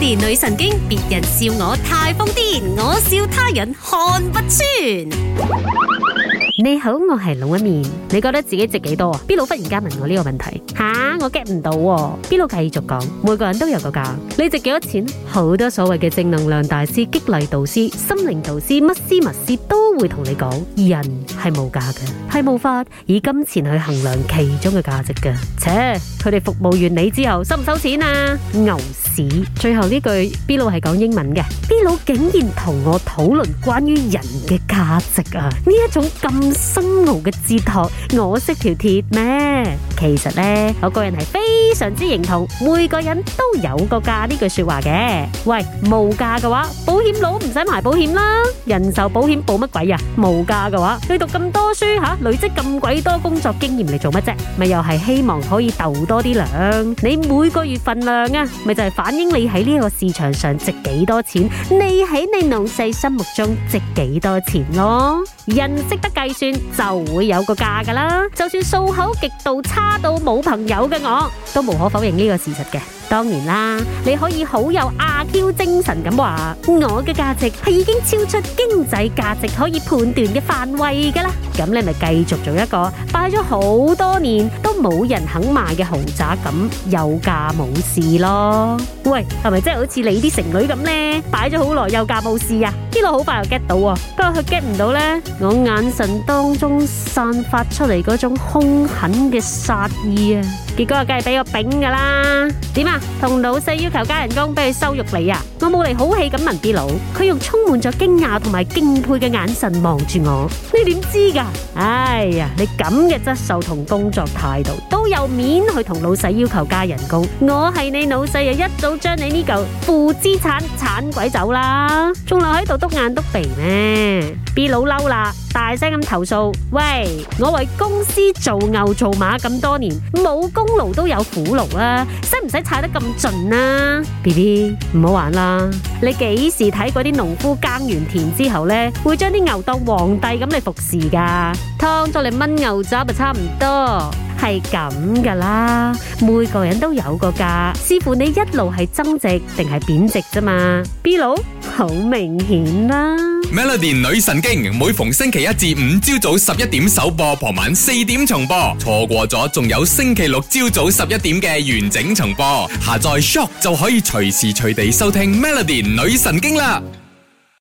連女神經，別人笑我太瘋癲，我笑他人看不穿。你好，我係龍紋敏。你覺得自己值幾多啊？邊佬忽然間問我呢個問題，吓、啊、我 get 唔到喎、啊。邊佬繼續講，每個人都有個價，你值幾多錢？好多所謂嘅正能量大師、激勵導師、心靈導師，乜師物師都會同你講，人係無價嘅，係無法以金錢去衡量其中嘅價值嘅。唓，佢哋服務完你之後收唔收錢啊？牛！最後呢句 B 佬係講英文嘅，B 佬竟然同我討論關於人嘅價值啊！呢一種咁深奧嘅哲學，我識條鐵咩？其實呢，我個人係非常之認同，每個人都有個價呢句說話嘅。喂，無價嘅話，保險佬唔使買保險啦，人壽保險保乜鬼啊？無價嘅話，你讀咁多書吓、啊，累積咁鬼多工作經驗嚟做乜啫？咪又係希望可以逗多啲糧，你每個月份糧啊，咪就係、是。反映你喺呢個市場上值幾多錢，你喺你老細心目中值幾多錢咯？人值得計算，就會有個價噶啦。就算數口極度差到冇朋友嘅我，都無可否認呢個事實嘅。當然啦，你可以好有阿 Q 精神咁話，我嘅價值係已經超出經濟價值可以判斷嘅範圍噶啦。咁你咪繼續做一個擺咗好多年都冇人肯賣嘅豪宅，咁有價冇市咯。喂，係咪真係好似你啲成女咁呢？擺咗好耐有價冇市啊！呢個好快又 get 到喎，不過佢 get 唔到咧，我眼神當中散發出嚟嗰種兇狠嘅殺意啊！而家梗係俾我餅噶啦，點啊？同老細要求加人工，俾佢羞辱你啊！我冇嚟好氣咁問啲佬，佢用充滿咗驚訝同埋敬佩嘅眼神望住我。你點知噶？哎呀，你咁嘅質素同工作態度有面去同老細要求加人工，我係你老細又一早將你呢嚿負資產鏟鬼走啦，仲留喺度篤眼篤鼻咩？B 老嬲啦，大聲咁投訴。喂，我為公司做牛做馬咁多年，冇功勞都有苦勞啦、啊，使唔使踩得咁盡啊？B B 唔好玩啦，你幾時睇嗰啲農夫耕完田之後呢，會將啲牛當皇帝咁嚟服侍噶？劏咗你炆牛雜咪差唔多。係咁噶啦，每個人都有個價，視乎你一路係增值定係貶值啫嘛。B 佬，好明顯啦。Melody 女神經每逢星期一至五朝早十一點首播，傍晚四點重播，錯過咗仲有星期六朝早十一點嘅完整重播。下載 Shock 就可以隨時隨地收聽 Melody 女神經啦。